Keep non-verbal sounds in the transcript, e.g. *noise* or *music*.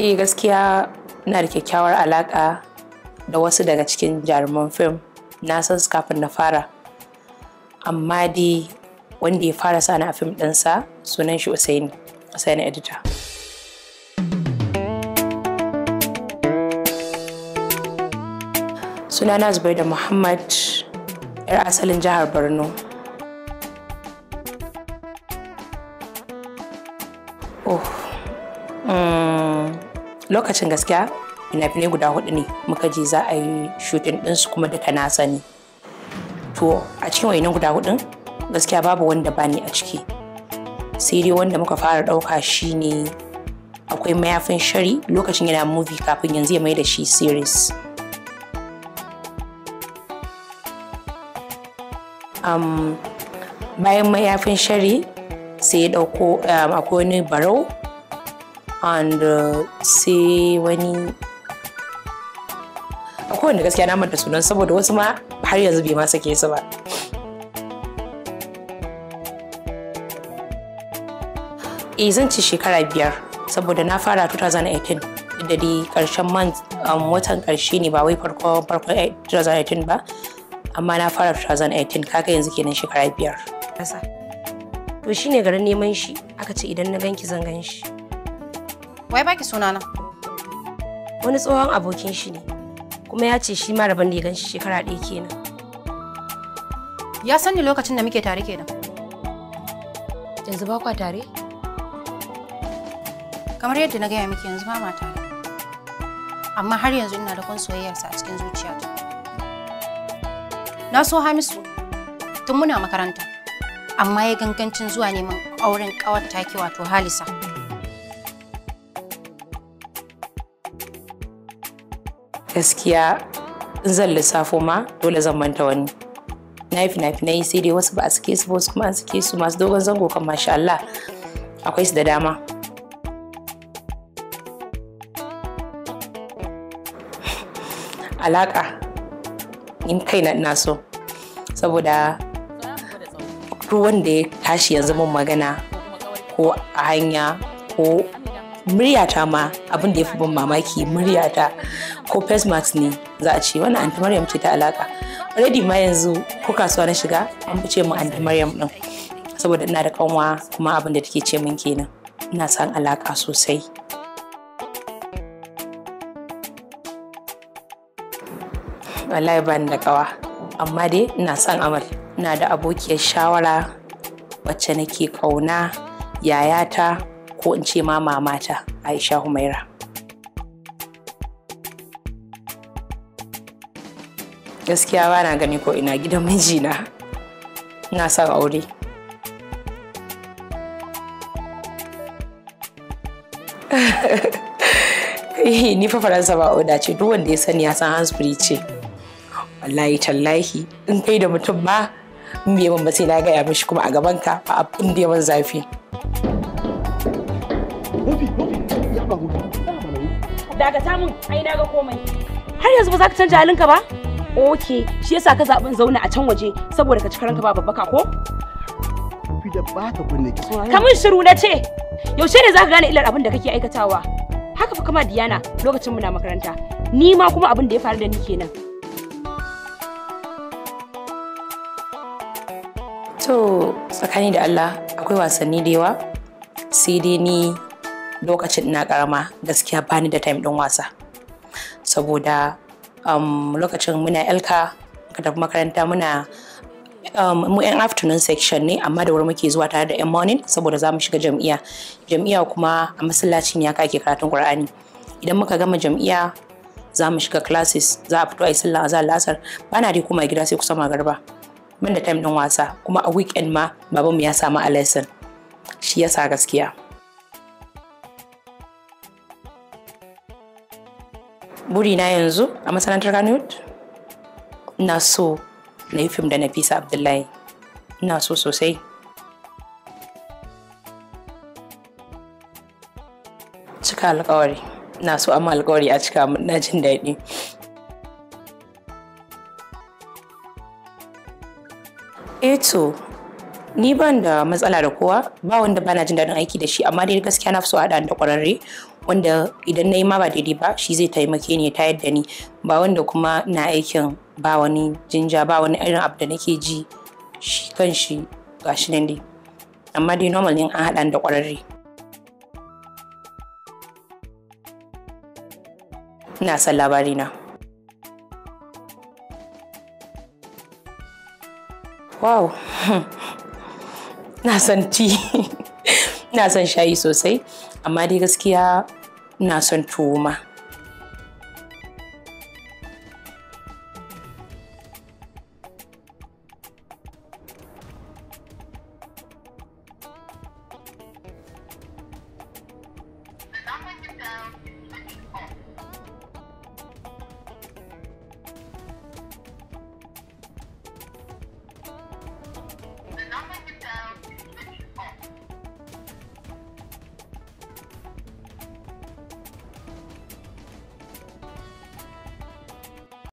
eh gaskiya na da kyakkyawar alaƙa da wasu daga cikin jaruman fim na san su kafin na fara amma dai wanda ya fara sani a fim ɗinsa sunan shi usain usain edita sunana zubai da muhammad yar asalin jihar borno oh hmm. lokacin gaskiya fina-finai guda hudu ne muka je za a yi shooting su kuma duka na sani to a cikin wayannan guda hudun gaskiya babu wanda bani a ciki sai dai wanda muka fara ɗauka shine akwai mayafin shari lokacin yana movie kafin yanzu ya mai da shi series um, bayan mayafin shari sai ya ɗauko akwai wani barau and uh, sai wani akwai wanda gaskiya na manta sunan saboda wasu ma har yanzu bai ma sake su ba e zan ci shekara biyar saboda na fara 2018 da dai karshen man um, watan karshe ne ba wai farko farko 2018 ba amma na fara 2018 kaka yanzu kenan shekara biyar to shine garin neman shi aka ce idan na ganki zan gan shi Wai baki sunana? Wani tsohon abokin shi ne, kuma ya ce shi ma rabon da ya ganshi shekara ɗaya kenan. Ya sani lokacin da muke tare kenan. Yanzu ba kwa tare? Kamar yadda na gaya miki yanzu ba ma tare. Amma har yanzu ina da kun soyayyarsa a cikin zuciyata. Na so Hamisu tun muna makaranta, amma ya gangancin zuwa neman auren ƙawar take wato Halisa. gaskiya in zan lissafo ma dole zan manta wani na yi na yi sai dai wasu ba a suke su ba wasu kuma an suke su masu dogon zango kan masha Allah akwai su da dama alaka in kaina ina so saboda duk wanda ya tashi yanzu mun magana ko a hanya ko muryata ma abin da ya fi ban mamaki muryata ko face mask ne za a ce wani anti maryam ce ta alaka already ma yanzu ko kasuwa na shiga an fi ce mu anti maryam din saboda ina da kanwa kuma abin da take ce min kenan ina san alaka sosai wallahi ban da kawa amma dai ina san amal ina da abokiyar shawara wacce nake kauna yayata ko in ce ma mamata Aisha Humaira. Gaskiya ba na gani ko ina gidan mijina na son aure. *laughs* ni fa faransa ba oda ce duk wanda ya sani ya san hansbury ce wallahi tallahi in kai da mutum ba in bai ban ba sai na gaya mishi kuma a gaban ka ba abin da yawan zafi Hufi, hufi, ya ba ai na ga komai. Har yanzu ba za ka canja halinka ba? Ok, shi yasa ka zaɓin zauna a can waje saboda ka ci karanka ba babbaka ko? Hufi da ba ta kunne ki Kamun shiru na ce, yaushe ne za ka gane illar abin da kake aikatawa? Haka fa kama Diyana lokacin muna makaranta. Ni ma kuma abin da ya faru da ni kenan. To, tsakani da Allah akwai wasanni da yawa sai dai ni lokacin ina karama gaskiya bani da time ɗin wasa saboda um, lokacin muna elka ka tafi makaranta muna um, mu yan afternoon section ne amma da wuri muke zuwa tare da yan morning saboda za mu shiga jam'iyya jam'iyya kuma a masallacin ya kake karatun qur'ani idan muka gama jam'iyya za mu shiga classes za a fito a yi sallah azhar lasar bana dai kuma gida sai kusa magarba Min da time din wasa kuma a weekend ma babanmu ya samu a lesson shi yasa gaskiya burina yanzu a masana'antar Kannywood? Na so na yi fim da Nafisa Abdullahi. Na so sosai. Cika alkawari. Na so amma alkawari a cika na jin daɗi. Eto eh ni ban da matsala da kowa ba wanda bana jin daɗin aiki da shi amma dai gaskiya na fi so haɗa da ƙwararre wanda idan na yi ma ba daidai ba shi zai taimake ni ya tayar da ni ba wanda kuma na aikin ba wani jinja ba wani irin abu da nake ji shi kan shi gashi nan dai amma dai normal ne an haɗa da ƙwararre ina son labari na wow *laughs* na son ti na son shayi sosai amma dai gaskiya na son tuwo ma